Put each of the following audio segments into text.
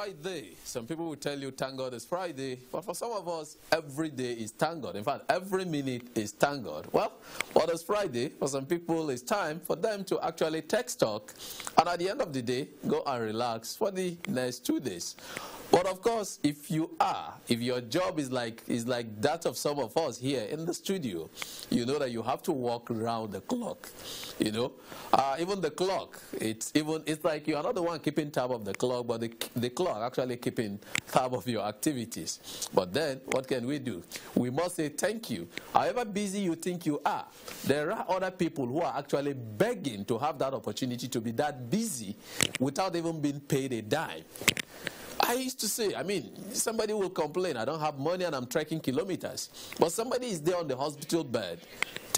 Friday. Some people will tell you thank God is Friday, but for some of us, every day is thank God. In fact, every minute is thank God. Well, what is Friday? For some people, it's time for them to actually text talk, and at the end of the day, go and relax for the next two days. But of course, if you are, if your job is like is like that of some of us here in the studio, you know that you have to walk around the clock. You know, uh, even the clock. It's even it's like you are not the one keeping tab of the clock, but the the clock actually keeping tab of your activities. But then, what can we do? We must say thank you. However busy you think you are, there are other people who are actually begging to have that opportunity to be that busy without even being paid a dime. I used to say, I mean, somebody will complain, I don't have money and I'm trekking kilometers. But somebody is there on the hospital bed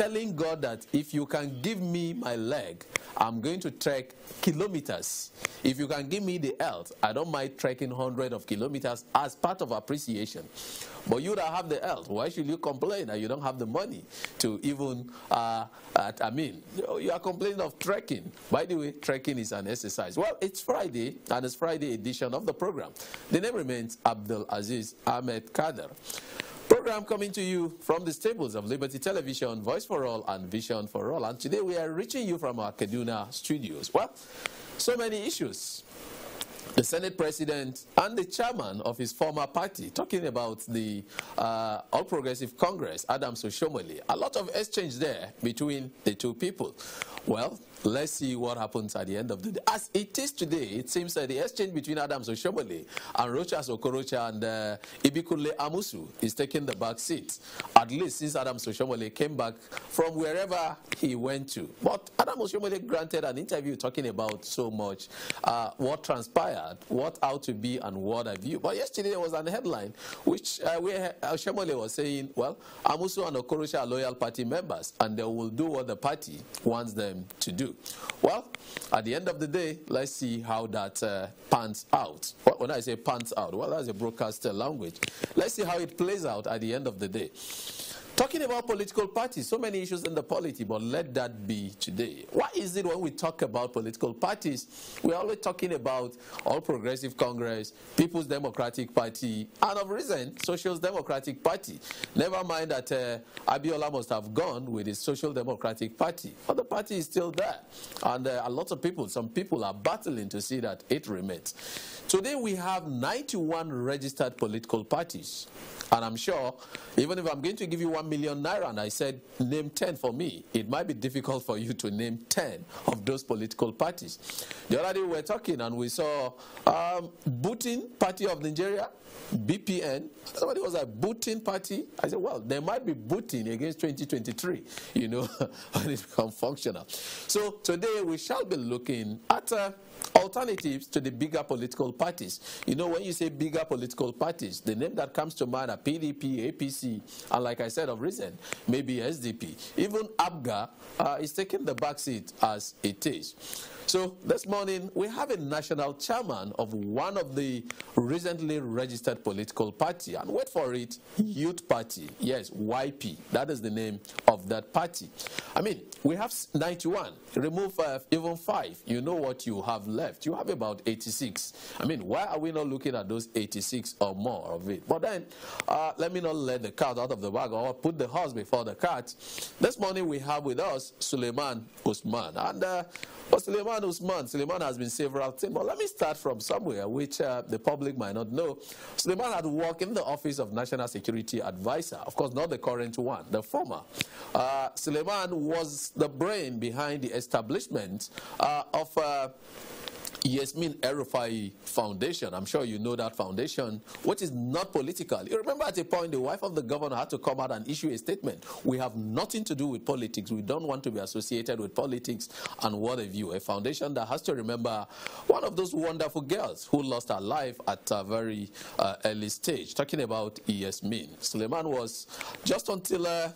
telling God that if you can give me my leg, I'm going to trek kilometers. If you can give me the health, I don't mind trekking hundreds of kilometers as part of appreciation. But you don't have the health. Why should you complain that you don't have the money to even, uh, at, I mean, you are complaining of trekking. By the way, trekking is an exercise. Well, it's Friday, and it's Friday edition of the program. The name remains Abdul Aziz Ahmed Kader. Program coming to you from the stables of Liberty Television, Voice for All and Vision for All. And today we are reaching you from our Kaduna studios. Well, so many issues. The Senate President and the chairman of his former party talking about the uh, All Progressive Congress, Adams Oshomole. A lot of exchange there between the two people. Well, Let's see what happens at the end of the day. As it is today, it seems that the exchange between Adams Oshomole and Rochas Okorocha and uh, Ibikule Amusu is taking the back seat, at least since Adams Oshomole came back from wherever he went to. But Adams Oshomole granted an interview talking about so much, uh, what transpired, what ought to be, and what I view. But yesterday there was an headline which uh, where Oshomole was saying, well, Amusu and Okorocha are loyal party members, and they will do what the party wants them to do. Well, at the end of the day, let's see how that uh, pans out. When I say pans out, well, that's a broadcaster uh, language. Let's see how it plays out at the end of the day. Talking about political parties, so many issues in the polity, but let that be today. Why is it when we talk about political parties, we're always talking about All Progressive Congress, People's Democratic Party, and of recent, Social Democratic Party. Never mind that uh, Abiola must have gone with his Social Democratic Party, but the party is still there. And uh, a lot of people, some people are battling to see that it remains. Today we have 91 registered political parties and I'm sure, even if I'm going to give you one million naira and I said, name 10 for me, it might be difficult for you to name 10 of those political parties. The other day we were talking and we saw um, Bhutin Party of Nigeria, BPN. Somebody was like, booting Party? I said, well, there might be booting against 2023, you know, when it becomes functional. So today we shall be looking at uh, alternatives to the bigger political parties. You know, when you say bigger political parties, the name that comes to mind are PDP, APC, and like I said of recent, maybe SDP. Even ABGA uh, is taking the back seat as it is. So this morning, we have a national chairman of one of the recently registered political party, and wait for it, Youth Party. Yes, YP. That is the name of that party. I mean, we have 91. Remove uh, even five. You know what you have left. You have about 86. I mean, why are we not looking at those 86 or more of it? But then, uh, let me not let the cat out of the bag or put the horse before the cat. This morning we have with us Suleiman Usman. And uh, well, Suleiman Usman, Suleiman has been several things, but let me start from somewhere which uh, the public might not know. Suleiman had worked in the Office of National Security Advisor, of course, not the current one, the former. Uh, Suleiman was the brain behind the establishment uh, of uh, Yasmin Erufai Foundation. I'm sure you know that foundation, which is not political. You remember at a point, the wife of the governor had to come out and issue a statement. We have nothing to do with politics. We don't want to be associated with politics and what have you. A foundation that has to remember one of those wonderful girls who lost her life at a very uh, early stage. Talking about Yasmin. Suleiman was just until uh,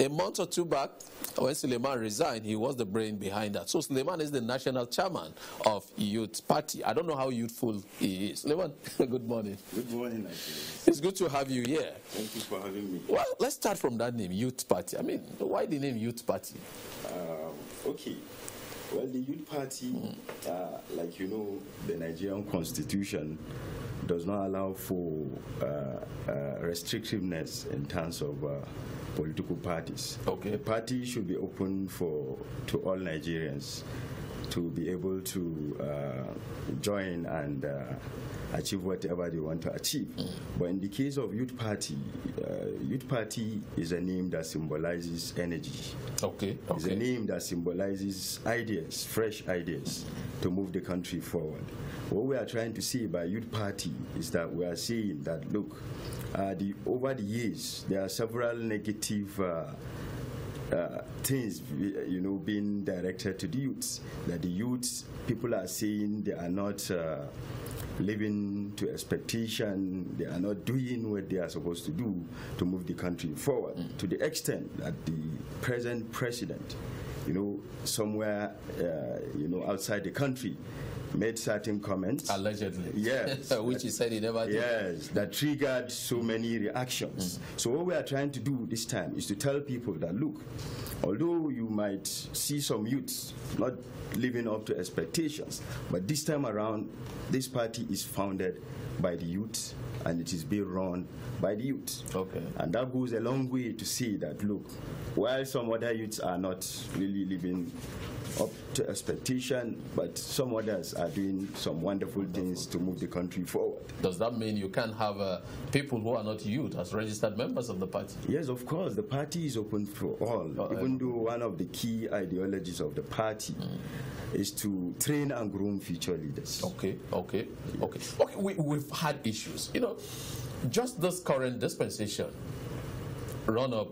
a month or two back, when Suleiman resigned, he was the brain behind that. So Suleiman is the national chairman of Youth Party. I don't know how youthful he is. Suleiman, good morning. Good morning, Nigeria. It's good to have you here. Thank you for having me. Well, let's start from that name, Youth Party. I mean, why the name Youth Party? Um, okay. Well, the Youth Party, mm. uh, like you know, the Nigerian constitution does not allow for uh, uh, restrictiveness in terms of uh, political parties. Okay. A party should be open for to all Nigerians to be able to uh, join and uh, achieve whatever they want to achieve. Mm. But in the case of Youth Party, uh, Youth Party is a name that symbolizes energy. Okay. okay. It's a name that symbolizes ideas, fresh ideas to move the country forward. What we are trying to say by Youth Party is that we are saying that, look, uh, the, over the years, there are several negative uh, uh, things, uh, you know, being directed to the youths. That the youths, people are saying they are not uh, living to expectation, they are not doing what they are supposed to do to move the country forward. Mm. To the extent that the present president, you know, somewhere, uh, you know, outside the country, made certain comments. Allegedly. Yes. Which that, he said he never did. Yes, that triggered so many reactions. Mm. So what we are trying to do this time is to tell people that, look, although you might see some youths not living up to expectations, but this time around, this party is founded by the youths and it is being run by the youth. Okay. And that goes a long way to see that, look, while some other youths are not really living up to expectation, but some others are doing some wonderful things to move the country forward. Does that mean you can have uh, people who are not youth as registered members of the party? Yes, of course. The party is open for all, even though one of the key ideologies of the party mm. is to train and groom future leaders. Okay, okay, yes. okay. Okay, we, we've had issues. You know, just this current dispensation, run-up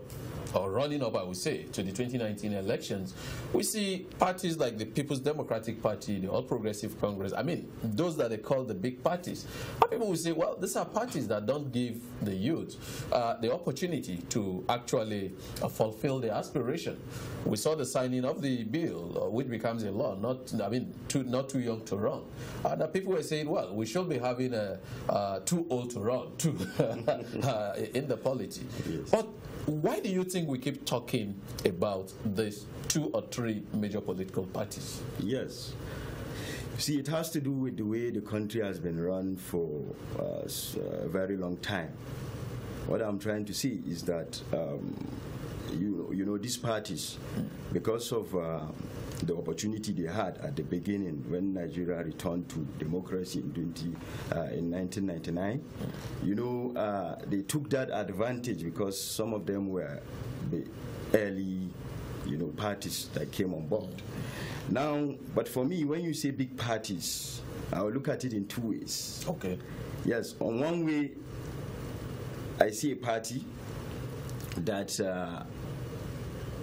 or running up, I would say, to the 2019 elections, we see parties like the People's Democratic Party, the All Progressive Congress, I mean, those that they call the big parties. And people will say, well, these are parties that don't give the youth uh, the opportunity to actually uh, fulfill their aspiration. We saw the signing of the bill, uh, which becomes a law, not, I mean, too, not too young to run. Uh, and people were saying, well, we should be having a uh, too old to run too uh, in the polity. Yes. But why do you think we keep talking about these two or three major political parties? Yes. See, it has to do with the way the country has been run for uh, uh, a very long time. What I'm trying to see is that, um, you, you know, these parties, because of uh, the opportunity they had at the beginning when Nigeria returned to democracy in, 20, uh, in 1999. You know, uh, they took that advantage because some of them were the early, you know, parties that came on board. Now, but for me, when you say big parties, I will look at it in two ways. Okay. Yes, on one way, I see a party that uh,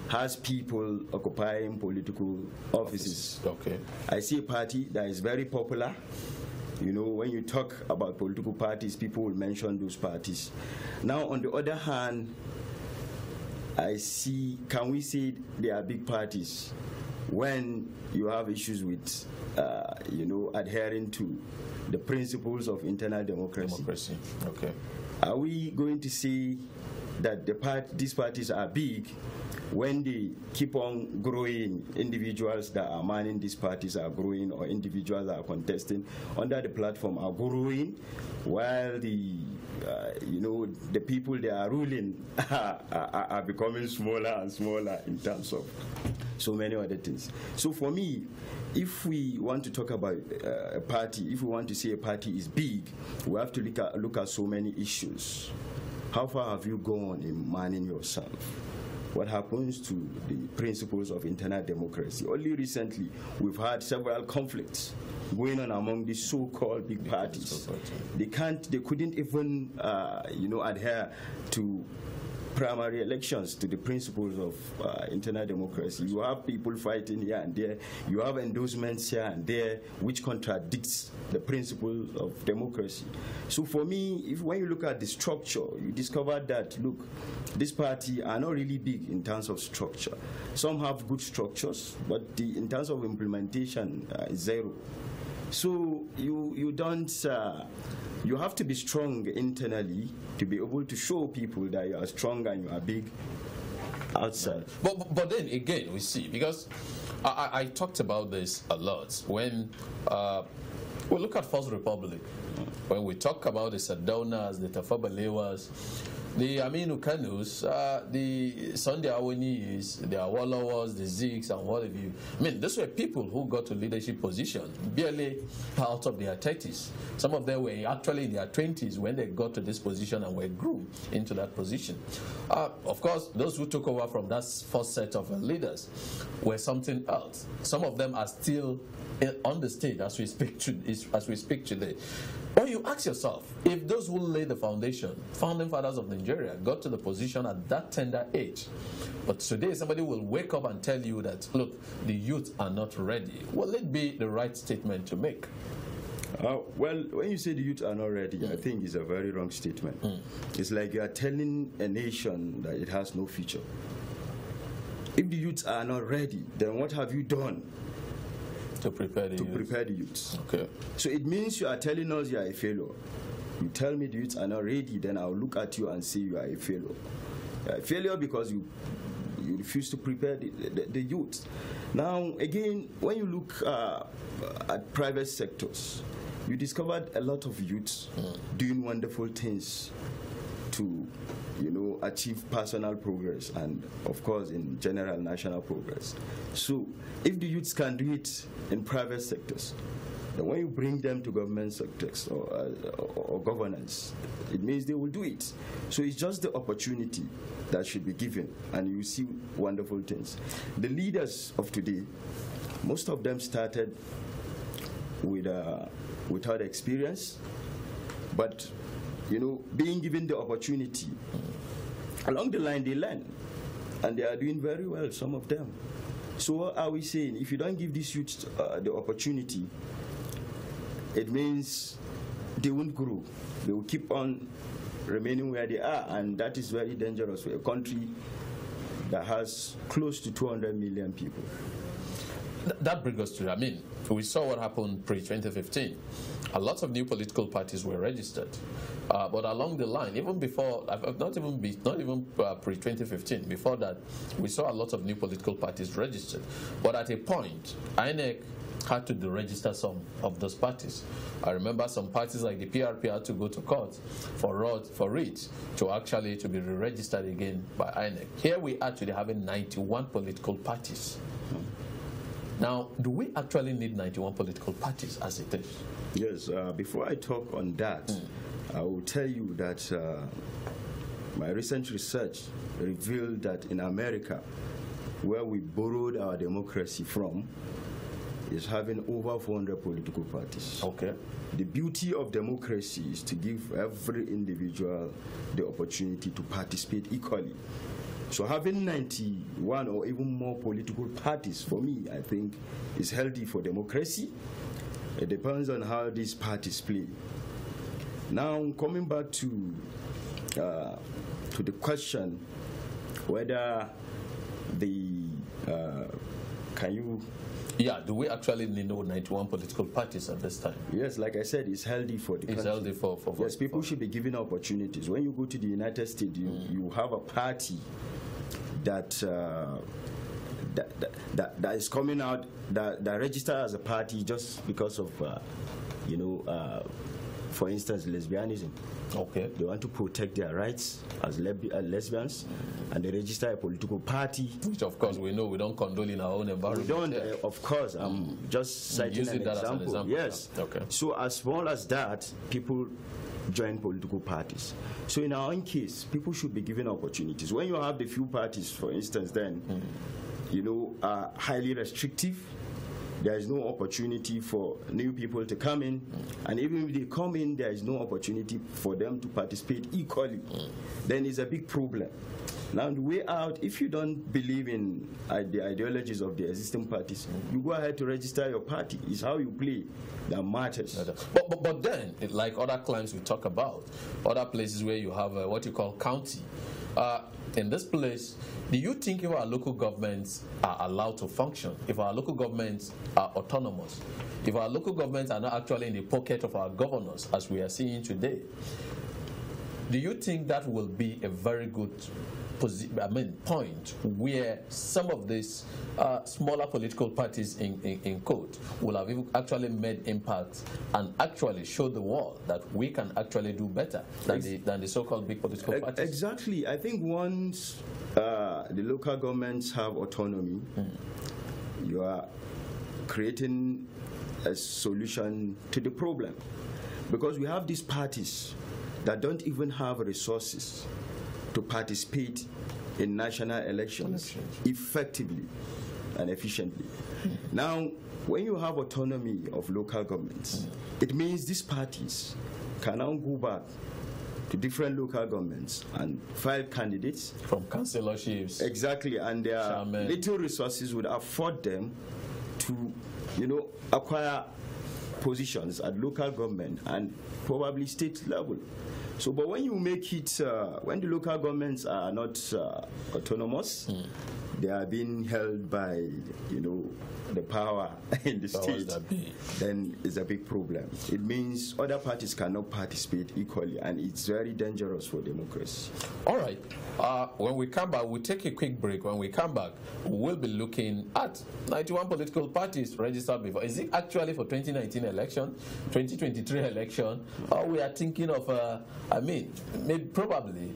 has people occupying political offices. Okay. I see a party that is very popular. You know, when you talk about political parties, people will mention those parties. Now, on the other hand, I see, can we say they are big parties when you have issues with, uh, you know, adhering to the principles of internal democracy? Democracy, okay. Are we going to see that the part, these parties are big when they keep on growing, individuals that are manning these parties are growing or individuals that are contesting under the platform are growing while the uh, you know the people they are ruling are, are, becoming smaller and smaller in terms of so many other things. So for me, if we want to talk about uh, a party, if we want to say a party is big, we have to look at, look at so many issues. How far have you gone in manning yourself? What happens to the principles of internal democracy? Only recently, we've had several conflicts going on among the so-called big parties. They can't, they couldn't even, uh, you know, adhere to primary elections to the principles of uh, internal democracy. You have people fighting here and there. You have endorsements here and there, which contradicts the principles of democracy. So for me, if when you look at the structure, you discover that, look, this party are not really big in terms of structure. Some have good structures, but the, in terms of implementation, uh, zero. So you, you don't, uh, you have to be strong internally to be able to show people that you are strong and you are big outside. But, but then again, we see, because I, I talked about this a lot when uh, we look at First Republic, when we talk about the Sadonas, the Tafabalewas, the Aminu Kanus, uh, the Sunday Awanis, the Awolowers, the Zigs, and what have you. I mean, those were people who got to leadership positions barely out of their 30s. Some of them were actually in their 20s when they got to this position and were groomed into that position. Uh, of course, those who took over from that first set of leaders were something else. Some of them are still on the stage as we speak to, as we speak today. when you ask yourself, if those who laid the foundation, founding fathers of Nigeria, got to the position at that tender age, but today somebody will wake up and tell you that, look, the youth are not ready. Will it be the right statement to make? Uh, well, when you say the youth are not ready, mm. I hmm. think it's a very wrong statement. Mm. It's like you are telling a nation that it has no future. If the youth are not ready, then what have you done to prepare the to youth. prepare the youth. Okay. So it means you are telling us you are a failure. You tell me the youths are not ready, then I'll look at you and say you are a failure. You are a failure because you you refuse to prepare the, the, the youth. Now, again, when you look uh, at private sectors, you discovered a lot of youths mm. doing wonderful things to you know, achieve personal progress and, of course, in general national progress. So, if the youths can do it in private sectors, then when you bring them to government sectors or, uh, or, governance, it means they will do it. So it's just the opportunity that should be given, and you see wonderful things. The leaders of today, most of them started with, uh, without experience, but you know, being given the opportunity. Along the line, they learn, and they are doing very well, some of them. So what are we saying? If you don't give these youth uh, the opportunity, it means they won't grow. They will keep on remaining where they are, and that is very dangerous for a country that has close to 200 million people. Th that brings us to, I mean, we saw what happened pre-2015. A lot of new political parties were registered. Uh, but along the line, even before, not even, be, not even uh, pre-2015, before that, we saw a lot of new political parties registered. But at a point, INEC had to deregister some of those parties. I remember some parties like the PRP had to go to court for for it to actually to be re-registered again by INEC. Here we are today having 91 political parties. Now, do we actually need 91 political parties as it is? Yes, uh, before I talk on that, mm. I will tell you that uh, my recent research revealed that in America, where we borrowed our democracy from, is having over 400 political parties. Okay. The beauty of democracy is to give every individual the opportunity to participate equally so having 91 or even more political parties, for me, I think, is healthy for democracy. It depends on how these parties play. Now, coming back to uh, to the question whether the uh, can you yeah, do we actually know 91 political parties at this time? Yes, like I said, it's healthy for the it's country. healthy for, for, for Yes, people for. should be given opportunities. When you go to the United States, you, mm. you have a party that, uh, that, that, that is coming out, that, that registered as a party just because of, uh, you know, uh, for instance, lesbianism. Okay. They want to protect their rights as uh, lesbians, and they register a political party. Which, of course, we know we don't condone in our own environment. We don't, uh, of course. I'm mm. just mm, citing an example. an, example. Yes. Yeah. Okay. So as small as that, people join political parties. So in our own case, people should be given opportunities. When you have the few parties, for instance, then, mm. you know, are highly restrictive, there is no opportunity for new people to come in. And even if they come in, there is no opportunity for them to participate equally. Then it's a big problem. Now, the way out, if you don't believe in uh, the ideologies of the existing parties, you go ahead to register your party. It's how you play that matters. But, but, but then, like other clans we talk about, other places where you have uh, what you call county, uh, in this place, do you think if our local governments are allowed to function, if our local governments are autonomous, if our local governments are not actually in the pocket of our governors, as we are seeing today, do you think that will be a very good I mean, point where some of these uh, smaller political parties in, in, in court will have actually made impact and actually show the world that we can actually do better than the, than the so-called big political parties? Exactly. I think once uh, the local governments have autonomy, mm. you are creating a solution to the problem. Because we have these parties that don't even have resources to participate in national elections effectively and efficiently. Now, when you have autonomy of local governments, it means these parties can now go back to different local governments and file candidates. From councillorships. Exactly, and their little resources would afford them to, you know, acquire positions at local government and probably state level. So, but when you make it, uh, when the local governments are not uh, autonomous, mm. they are being held by, you know, the power in the state, then it's a big problem. It means other parties cannot participate equally, and it's very dangerous for democracy. All right. Uh, when we come back, we'll take a quick break. When we come back, we'll be looking at 91 political parties registered before. Is it actually for 2019 election, 2023 election, or we are thinking of, uh, I mean, maybe probably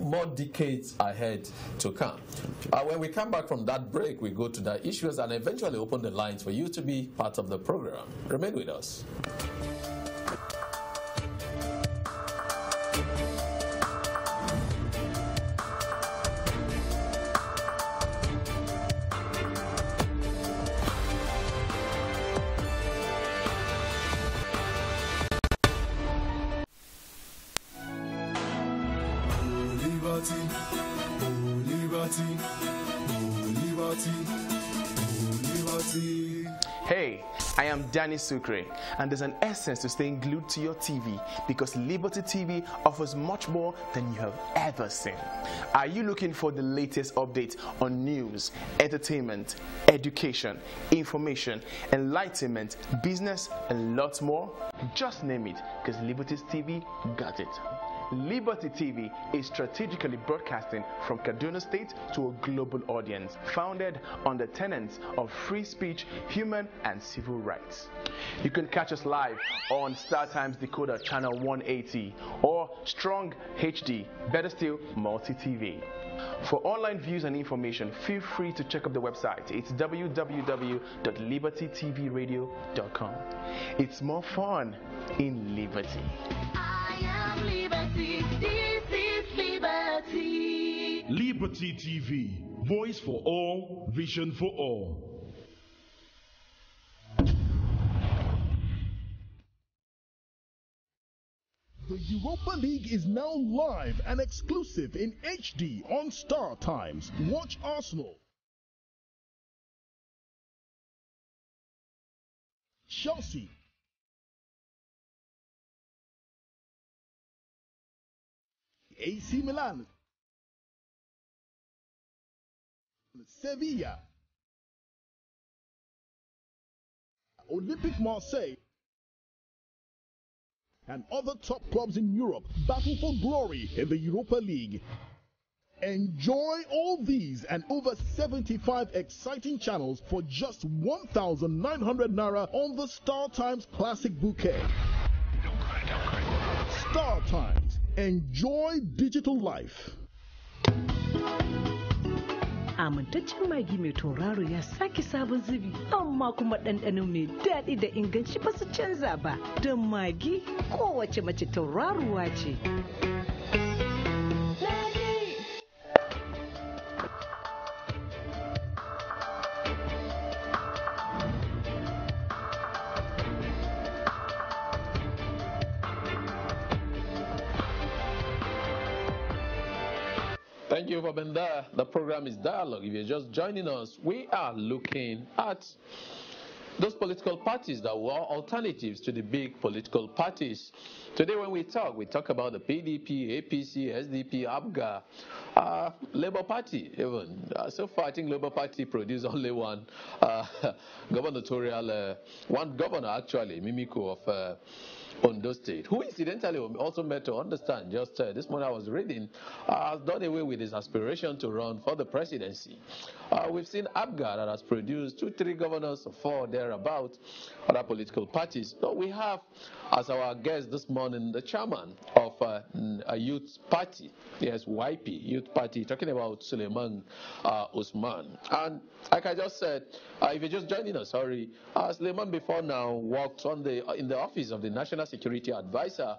more decades ahead to come? Uh, when we come back from that break, we go to the issues and eventually open open the lines for you to be part of the program. Remain with us. I am Danny Sucre, and there's an essence to staying glued to your TV because Liberty TV offers much more than you have ever seen. Are you looking for the latest updates on news, entertainment, education, information, enlightenment, business, and lots more? Just name it because Liberty TV got it. Liberty TV is strategically broadcasting from Kaduna State to a global audience, founded on the tenets of free speech, human, and civil rights. You can catch us live on Star Times Decoder Channel 180 or Strong HD, better still, Multi TV. For online views and information, feel free to check out the website. It's www.libertytvradio.com. It's more fun in liberty. Liberty TV, voice for all, vision for all. The Europa League is now live and exclusive in HD on Star Times. Watch Arsenal. Chelsea. AC Milan. Sevilla, Olympic Marseille, and other top clubs in Europe battle for glory in the Europa League. Enjoy all these and over 75 exciting channels for just 1,900 Naira on the Star Times Classic Bouquet. Don't cry, don't cry. Star Times. Enjoy digital life. amintaccen magi mai tauraro ya sake sabon zubi amma kuma ɗanɗano mai daɗi da inganci ba su canza ba don magi kowace mace tauraruwa ce. you for being there. The program is Dialogue. If you're just joining us, we are looking at those political parties that were alternatives to the big political parties. Today, when we talk, we talk about the PDP, APC, SDP, ABGA, uh, Labour Party, even. Uh, so far, I think Labour Party produced only one uh, gubernatorial, uh, one governor actually, Mimiko of. Uh, Ondo State, who incidentally also met to understand just uh, this morning I was reading, uh, has done away with his aspiration to run for the presidency. Uh, we've seen Abgar that has produced two, three governors, four thereabout, other political parties. So we have, as our guest this morning, the chairman of uh, a youth party, yes, YP, youth party, talking about Suleiman uh, Usman. And like I just said, uh, if you're just joining us, sorry, uh, Suleiman before now worked on the, in the office of the National security advisor.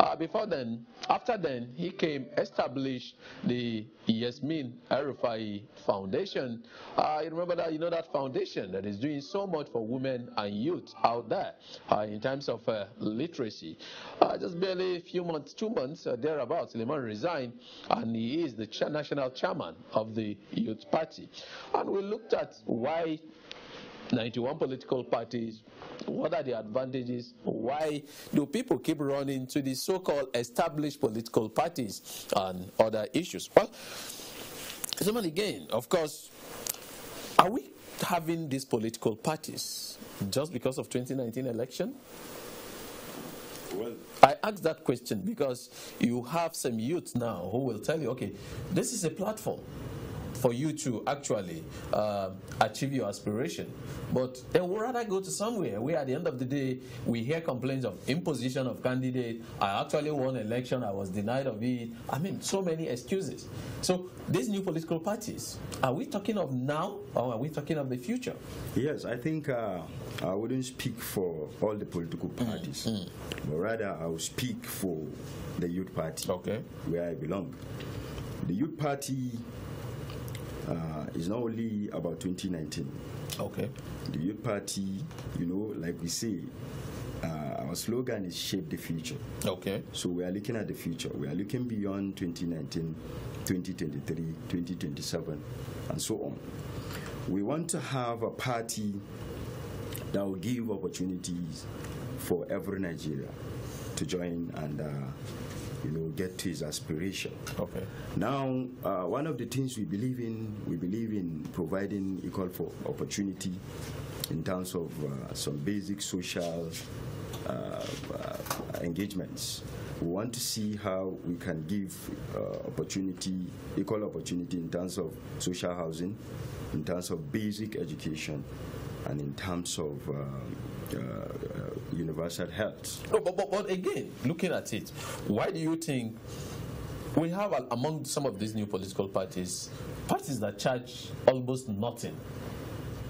Uh, before then, after then, he came established the Yasmin Arifai Foundation. Uh, you remember that you know that foundation that is doing so much for women and youth out there uh, in terms of uh, literacy. Uh, just barely a few months, two months uh, thereabouts, Liman resigned, and he is the national chairman of the Youth Party. And we looked at why 91 political parties, what are the advantages? Why do people keep running to the so called established political parties and other issues? Well, someone again, of course, are we having these political parties just because of 2019 election? Well, I ask that question because you have some youth now who will tell you, okay, this is a platform for you to actually uh, achieve your aspiration. But they would rather go to somewhere where at the end of the day, we hear complaints of imposition of candidate. I actually won election. I was denied of it. I mean, so many excuses. So these new political parties, are we talking of now or are we talking of the future? Yes, I think uh, I wouldn't speak for all the political mm, parties, mm, but rather I would speak for the Youth Party, okay. where I belong. The Youth Party uh, it's not only about 2019. Okay. The Youth Party, you know, like we say, uh, our slogan is shape the future. Okay. So we are looking at the future. We are looking beyond 2019, 2023, 2027, and so on. We want to have a party that will give opportunities for every Nigeria to join and uh, you know, get his aspiration. Okay. Now, uh, one of the things we believe in, we believe in providing equal for opportunity in terms of uh, some basic social uh, uh engagements. We want to see how we can give uh, opportunity, equal opportunity in terms of social housing, in terms of basic education, and in terms of uh, universal health. No, but, but, but again, looking at it, why do you think we have uh, among some of these new political parties, parties that charge almost nothing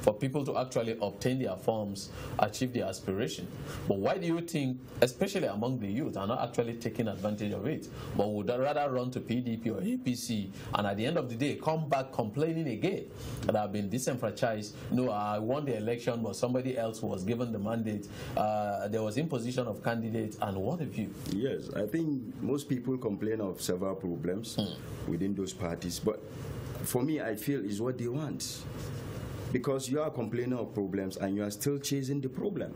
for people to actually obtain their forms, achieve their aspiration. But why do you think, especially among the youth, are not actually taking advantage of it, but would rather run to PDP or APC and at the end of the day come back complaining again that I've been disenfranchised? No, I won the election, but somebody else was given the mandate. Uh, there was imposition of candidates, and what have you? Yes, I think most people complain of several problems mm. within those parties, but for me, I feel is what they want because you are complaining of problems and you are still chasing the problem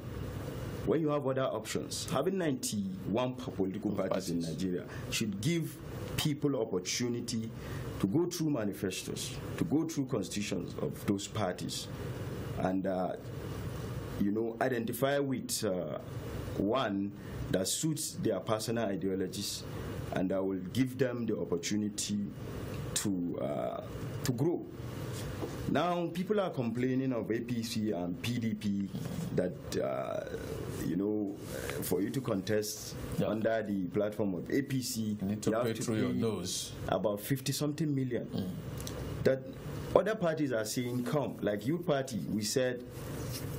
when you have other options, having 91 political parties, in Nigeria should give people opportunity to go through manifestos, to go through constitutions of those parties, and uh, you know identify with uh, one that suits their personal ideologies, and that will give them the opportunity to uh, to grow now, people are complaining of APC and PDP that, uh, you know, uh, for you to contest under the platform of APC, you need to you pay through your nose. About 50 something million. Mm. That other parties are saying, come, like you party, we said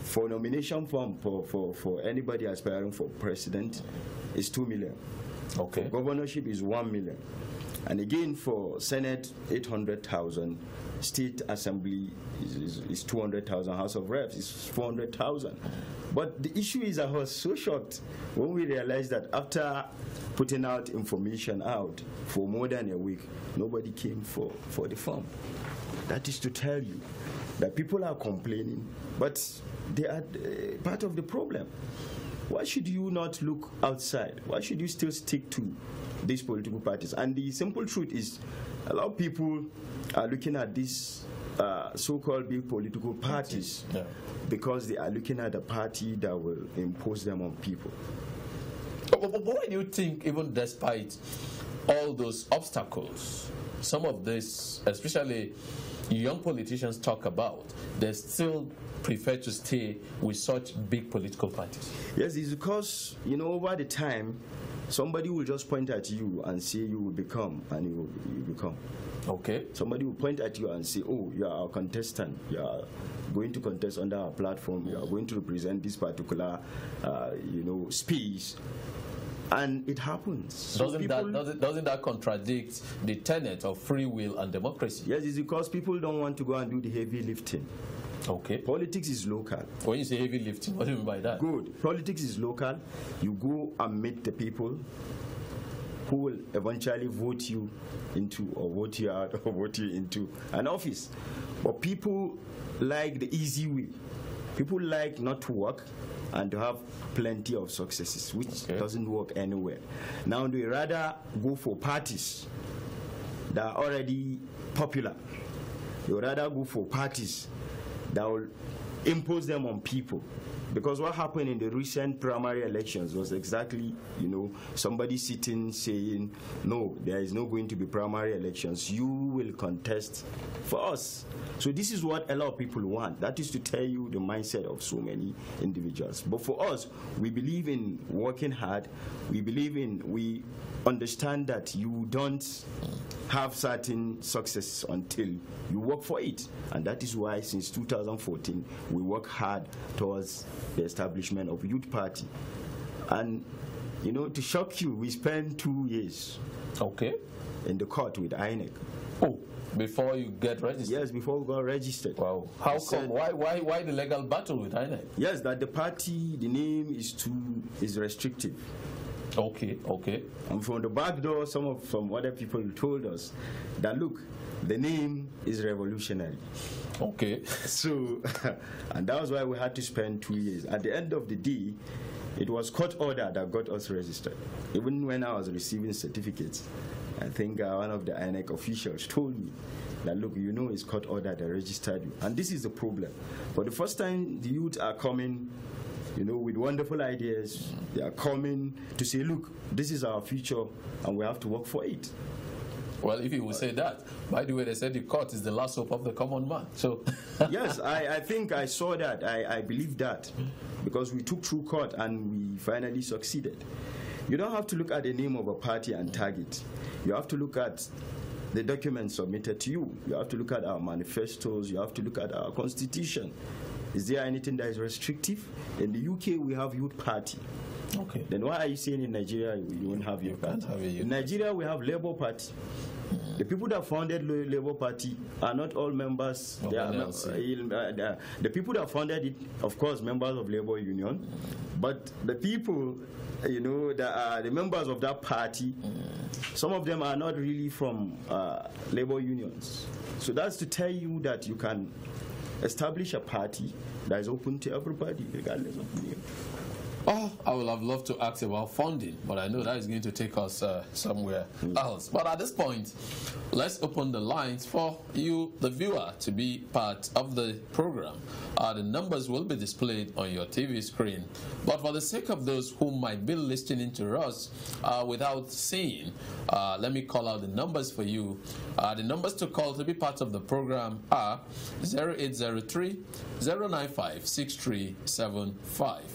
for nomination form for, for, for anybody aspiring for president is 2 million. Okay. For governorship is 1 million. And again, for Senate, 800,000 state assembly is, is, is 200,000, House of Reps is 400,000. But the issue is I was so shocked when we realized that after putting out information out for more than a week, nobody came for, for the form. That is to tell you that people are complaining, but they are uh, part of the problem. Why should you not look outside? Why should you still stick to these political parties? And the simple truth is, allow people are looking at these uh, so-called big political parties yeah. because they are looking at a party that will impose them on people. But why do you think, even despite all those obstacles, some of this, especially young politicians talk about, they still prefer to stay with such big political parties? Yes, it's because, you know, over the time, Somebody will just point at you and say you will become, and you, will, you become. Okay. Somebody will point at you and say, oh, you are a contestant. You are going to contest under our platform. You are going to represent this particular, uh, you know, space and it happens. Doesn't, so that, doesn't, doesn't, that contradict the tenet of free will and democracy? Yes, it's because people don't want to go and do the heavy lifting. Okay. Politics is local. When you say heavy lifting, what do you mean by that? Good. Politics is local. You go and meet the people who will eventually vote you into or vote you out or vote you into an office. But people like the easy way. People like not to work and to have plenty of successes, which okay. doesn't work anywhere. Now they rather go for parties that are already popular. They rather go for parties that will impose them on people because what happened in the recent primary elections was exactly, you know, somebody sitting saying, no, there is no going to be primary elections. You will contest for us. So this is what a lot of people want. That is to tell you the mindset of so many individuals. But for us, we believe in working hard. We believe in, we understand that you don't have certain success until you work for it. And that is why since 2014, we work hard towards the establishment of Youth Party. And, you know, to shock you, we spent two years okay. in the court with INEC. Oh, before you get registered? Yes, before we got registered. Wow. How come? Said, why, why, why the legal battle with INEC? Yes, that the party, the name is too, is restrictive. Okay, okay. And from the back door, some of from other people told us that look, the name is revolutionary. Okay. So, and that was why we had to spend two years. At the end of the day, it was court order that got us registered. Even when I was receiving certificates, I think uh, one of the INEC officials told me that, look, you know it's court order that registered you. And this is the problem. For the first time, the youth are coming you know, with wonderful ideas. They are coming to say, look, this is our future and we have to work for it. Well, if you would say that. By the way, they said the court is the last hope of the common man. So. yes, I, I think I saw that. I, I believe that because we took through court and we finally succeeded. You don't have to look at the name of a party and tag it. You have to look at the documents submitted to you. You have to look at our manifestos. You have to look at our constitution. Is there anything that is restrictive? In the UK, we have youth party. Okay. Then why are you saying in Nigeria you won't have youth party? Have in Nigeria, we have Labour Party. The people that founded the Labour Party are not all members. are, uh, uh the people that founded it, of course, members of Labour Union, but the people, uh, you know, that are the members of that party, some of them are not really from uh, Labour unions. So that's to tell you that you can establish a party that is open to everybody, regardless of name. Oh, I would have loved to ask about funding, but I know that is going to take us uh, somewhere hmm. else. But at this point, let's open the lines for you, the viewer, to be part of the program. Uh, the numbers will be displayed on your TV screen. But for the sake of those who might be listening to us uh, without seeing, uh, let me call out the numbers for you. Uh, the numbers to call to be part of the program are 0803 095 6375.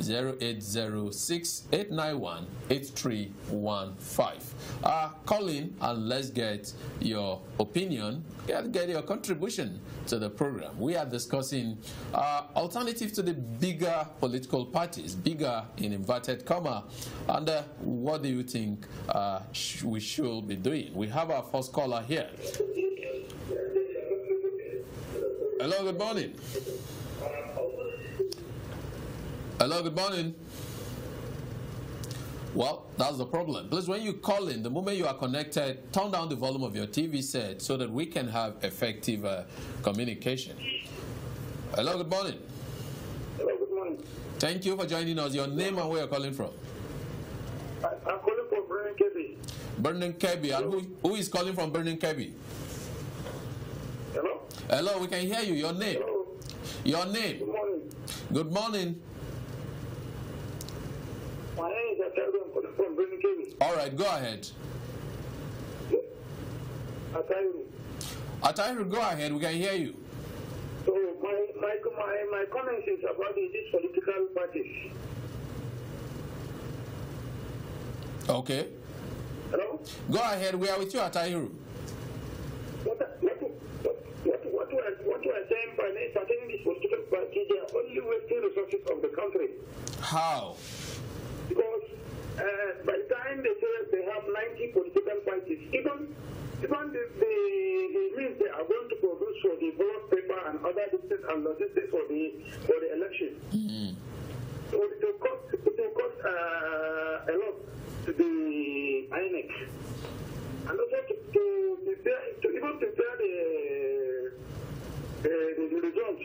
0806 891 8315. Uh, ah, call in and let's get your opinion, get, get your contribution to the program. We are discussing uh, alternative to the bigger political parties, bigger in inverted comma, and uh, what do you think uh, sh we should be doing? We have our first caller here. Hello, good morning. Hello, good morning. Well, that's the problem. Please, when you call in, the moment you are connected, turn down the volume of your TV set so that we can have effective uh, communication. Hello, good morning. Hello, good morning. Thank you for joining us. Your name and where you're calling from? I, am calling from Burning Kebby. Burning Kebby. And who, who is calling from Burning Kebby? Hello? Hello, we can hear you. Your name? Hello. Your name? Good morning. Good morning. All right, go ahead. Atairu. Atairu, go ahead. We can hear you. So my, my, my, my comments is about these political parties. Okay. Hello? Go ahead. We are with you, Atairu. What, what, what, what, what, are, what we are saying by this, I these political parties, they are only wasting resources of the country. How? Uh, by the time they say they have 90 political parties, even even the, the, the means they are going to produce for the ballot paper and other business and logistics for the for the election. Mm -hmm. it will cost, it will cost uh, a lot to the INEC. And also to, to, prepare, to even prepare the, uh, the, the results.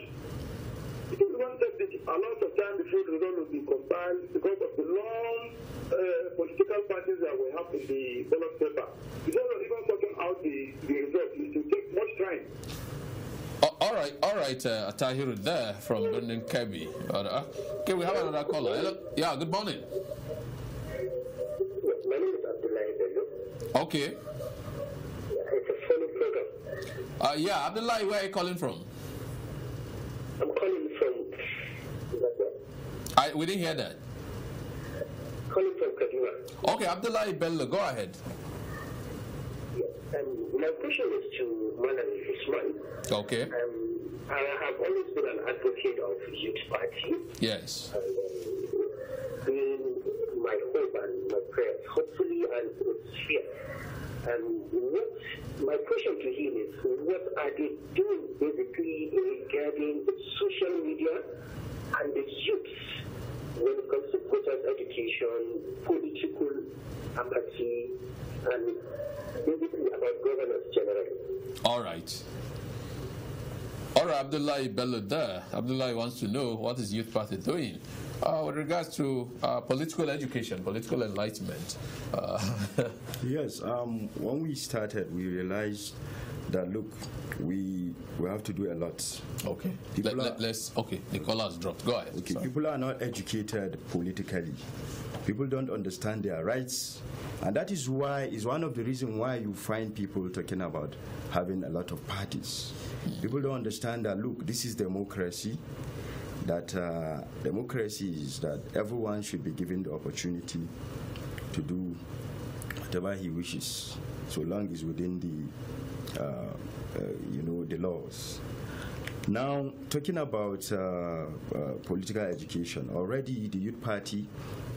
People do a lot of time before the result will be compiled because of the long uh, political parties that we have in the ballot paper. Instead of even talking out the, the result, it will take much time. all right, all right, uh, Atahiru there from Brendan Kirby. Uh, okay, we have another caller. Hello. Yeah, good morning. My name is Abdullah Okay. It's a follow program. Uh, yeah, Abdullah, where are you calling from? I'm calling from. I, we didn't hear that. Calling from Kaduna. Okay, Abdullah Bello, go ahead. Um, my question is to Madam Usman. Okay. Um, I have always been an advocate of youth party. Yes. um, my hope and my prayers, hopefully, and with here and what my question to him is, what are they doing basically regarding the social media and the youth when it comes to protest, education, political apathy, and basically about governance generally? All right. All right, Abdullah Bello there. Abdullah wants to know what is Youth Party doing uh, with regards to uh, political education, political enlightenment. Uh, yes, um, when we started, we realized that look, we we have to do a lot. Okay. People let, are, let, us okay. The call has dropped. Go ahead. Okay. Sorry. People are not educated politically. People don't understand their rights, and that is why is one of the reason why you find people talking about having a lot of parties. People don't understand that look, this is democracy that uh, democracy is that everyone should be given the opportunity to do whatever he wishes, so long as within the, uh, uh you know, the laws. Now, talking about uh, uh, political education, already the Youth Party,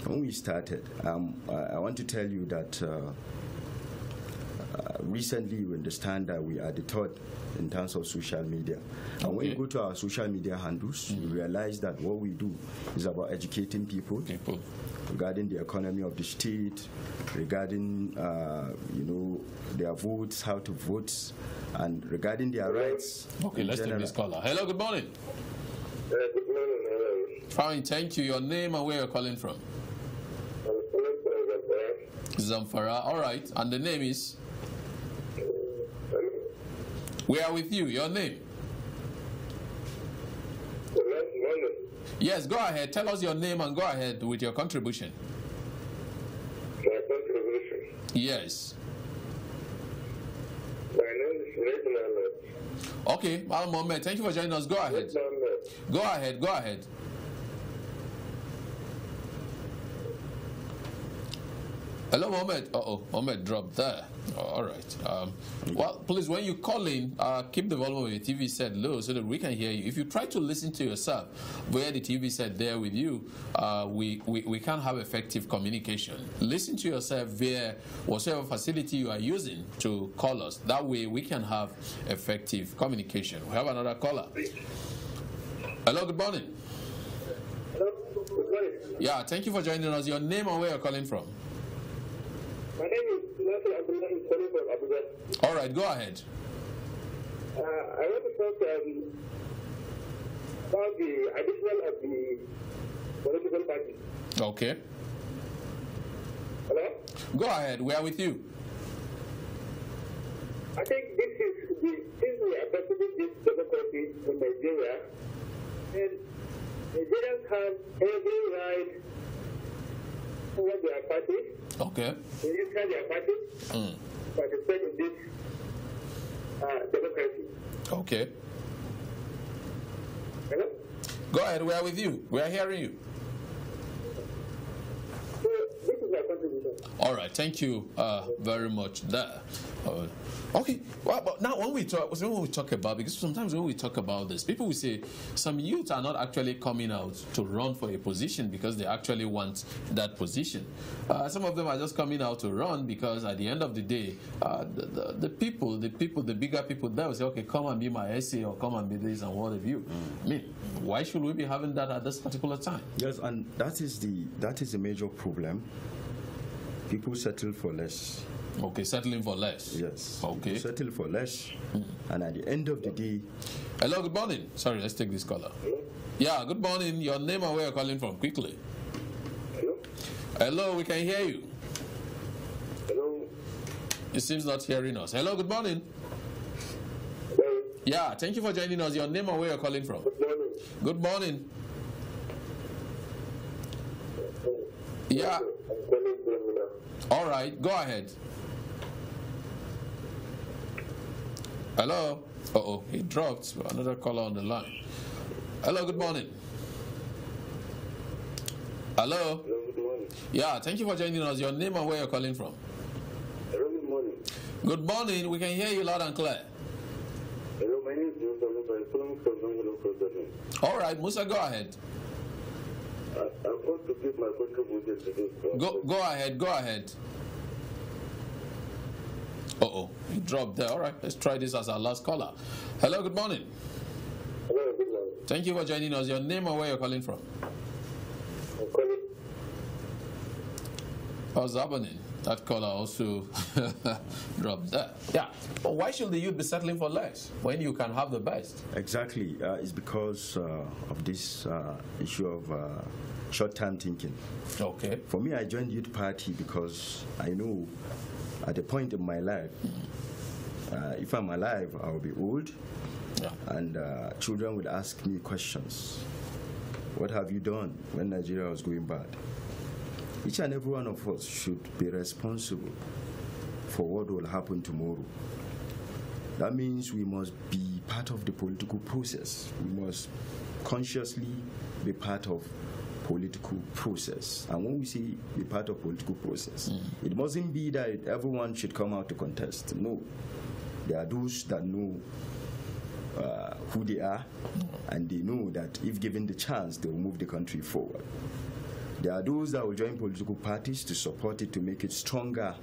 when we started, um, I, I want to tell you that recently, we understand that we are the third in terms of social media. And okay. when you go to our social media handles, mm. you realize that what we do is about educating people, people. regarding the economy of the state, regarding uh, you know their votes, how to vote, and regarding their rights. Okay, let's do take this caller. Hello, good morning. Uh, good morning. Hello. Fine, thank you. Your name and where you're calling from? Zamfara. All right, and the name is. We are with you. Your name. Yes, go ahead. Tell us your name and go ahead with your contribution. My contribution? Yes. My name is Red Mohammed. Okay, Al Mohammed, thank you for joining us. Go ahead. Go ahead, go ahead. Hello, Mohammed. Uh oh, Mohammed dropped there. Oh, all right. Um, well, please, when you call in, uh, keep the volume of your TV set low so that we can hear you. If you try to listen to yourself where the TV set there with you, uh, we, we, we can't have effective communication. Listen to yourself via whatever facility you are using to call us. That way we can have effective communication. We have another caller. Hello, good morning. Hello, good morning. Yeah, thank you for joining us. Your name and where you're calling from? My name is Abdullah, All right, go ahead. Uh, I want to talk um, about the additional of the political party. Okay. Hello? Go ahead, we are with you. I think this is the, since we are pursuing this democracy in Nigeria, and Nigerians have every right where they are fighting. Okay. In Israel, they are fighting mm. for the sake of this uh, democracy. Okay. Hello? Go ahead, we are with you. We are hearing you. All right, thank you uh, very much. There. Uh, okay, well, but now when we talk, when we talk about because sometimes when we talk about this, people will say some youth are not actually coming out to run for a position because they actually want that position. Uh, some of them are just coming out to run because at the end of the day, uh, the, the, the, people, the people, the bigger people they will say, okay, come and be my SA or come and be this and what have you. I mean, why should we be having that at this particular time? Yes, and that is the that is the major problem people settle for less. Okay, settling for less. Yes. Okay. People settle for less, mm. and at the end of the day. Hello, good morning. Sorry, let's take this caller. Yeah, good morning. Your name and where you're calling from, quickly. Hello. Hello, we can hear you. Hello. It seems not hearing us. Hello, good morning. Hello. Yeah, thank you for joining us. Your name and where you're calling from. Good morning. Good morning. Yeah. All right, go ahead. Hello? Uh oh, he dropped. Another caller on the line. Hello, good morning. Hello? Hello, good morning. Yeah, thank you for joining us. Your name and where you're calling from? Hello, good morning. Good morning. We can hear you loud and clear. Hello, my name is I'm calling from All right, Musa, go ahead. I, I want to give my contribution to this. Go, go ahead, go ahead. Uh oh, he dropped there. All right, let's try this as our last caller. Hello, good morning. Hello, good morning. Thank you for joining us. Your name or where you're calling from? I'm calling. What's happening? that color also drops there. Uh, yeah. But why should the youth be settling for less when you can have the best? Exactly. Uh, it's because uh, of this uh, issue of uh, short-term thinking. Okay. For me, I joined youth party because I know at the point of my life, uh, if I'm alive, I'll be old, yeah. and children will ask me questions. What have you done when Nigeria was going bad? Each and every one of us should be responsible for what will happen tomorrow. That means we must be part of the political process. We must consciously be part of political process. And when we say be part of political process, mm. it mustn't be that everyone should come out to contest. No. There are those that know uh, who they are, mm. and they know that if given the chance, they will move the country forward. There are those that will join political parties to support it, to make it stronger,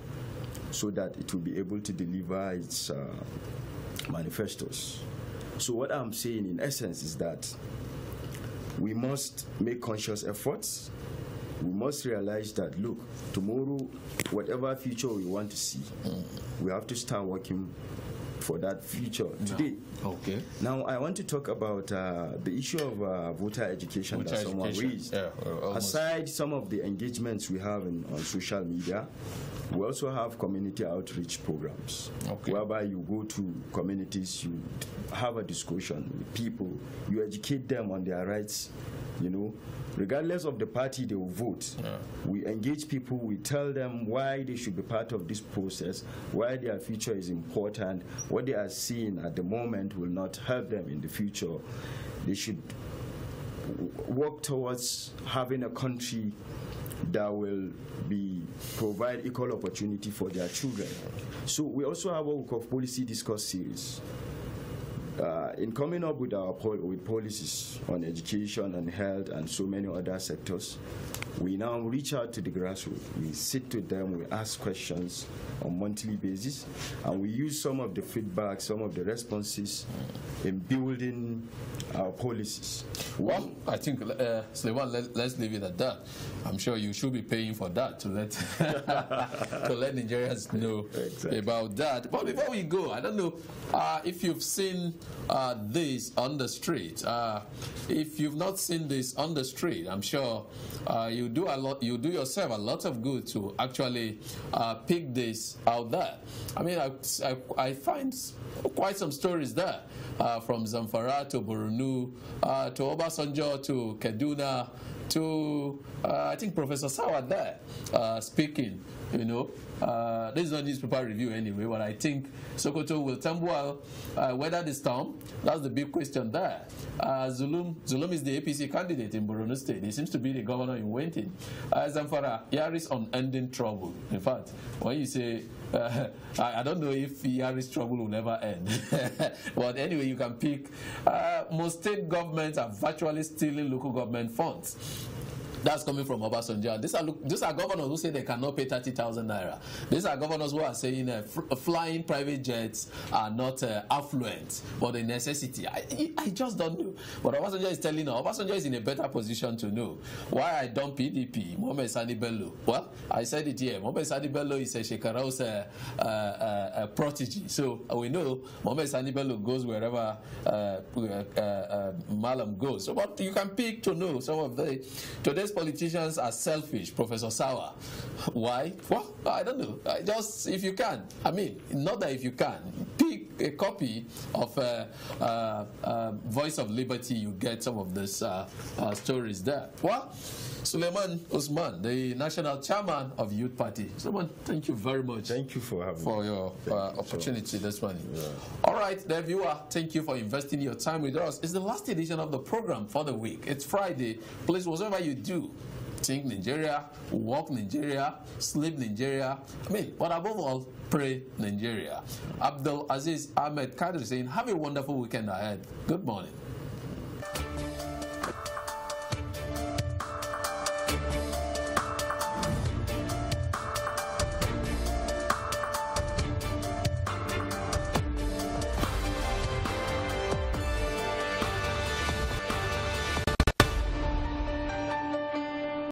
so that it will be able to deliver its uh, manifestos. So, what I'm saying in essence is that we must make conscious efforts. We must realize that, look, tomorrow, whatever future we want to see, we have to start working for that future today. No. Ah, okay. Now I want to talk about uh, the issue of uh, voter education voter that someone raised. Yeah, uh, Aside some of the engagements we have in, on social media, we also have community outreach programs okay. whereby you go to communities, you have a discussion with people, you educate them on their rights you know, regardless of the party they will vote, yeah. we engage people, we tell them why they should be part of this process, why their future is important, what they are seeing at the moment will not help them in the future. They should work towards having a country that will be provide equal opportunity for their children. So we also have a we policy discourse series. Uh, in coming up with our pol with policies on education and health and so many other sectors, we now reach out to the grassroots. We sit to them, we ask questions on monthly basis, and we use some of the feedback, some of the responses in building our policies. Well, we, I think, uh, Slewan, let, us leave it at that. I'm sure you should be paying for that to let, to let Nigerians know exactly. about that. But before we go, I don't know uh, if you've seen uh, this on the street. Uh, if you've not seen this on the street, I'm sure uh, you you do a lot, you do yourself a lot of good to actually uh, pick this out there. I mean, I, I, I find quite some stories there uh, from Zamfara to burunu uh, to Obasanjo to Kaduna to uh, I think Professor Sawa there uh, speaking you know, uh, this is not newspaper review anyway, but I think Sokoto will tumble, uh, whether this storm. That's the big question there. Uh, Zulum, Zulum is the APC candidate in Borno State. He seems to be the governor in Wentin. Uh, Zamfara, Yaris on ending trouble. In fact, when you say, uh, I, I, don't know if Yaris trouble will never end. but anyway, you can pick. Uh, most state governments are virtually stealing local government funds. That's coming from Obasanjo. These are these are governors who say they cannot pay thirty thousand naira. These are governors who are saying uh, flying private jets are not uh, affluent for the necessity. I, I just don't know. But Obasanjo is telling us. Obasanjo is in a better position to know why I dump PDP. Mohamed Sani Bello. Well, I said it here. Mohamed Sani Bello is a Shekarao's uh, uh, uh protege. So uh, we know Mohamed Sani Bello goes wherever uh, Malam goes. So what you can pick to know some of the today Today's politicians are selfish, Professor Sawa. Why? Well, I don't know. I just, if you can, I mean, not that if you can, pick a copy of uh, uh, uh, Voice of Liberty, you get some of these uh, uh, stories there. Well, Suleiman Usman, the national chairman of Youth Party. Suleiman, thank you very much. Thank you for having for your uh, opportunity so this morning. Yeah. All right, the viewer, thank you for investing your time with us. It's the last edition of the program for the week. It's Friday. Please, whatever you do, think Nigeria, walk Nigeria, sleep Nigeria. I mean, but above all, pray Nigeria. Abdul Aziz Ahmed Kadri, saying, have a wonderful weekend ahead. Good morning.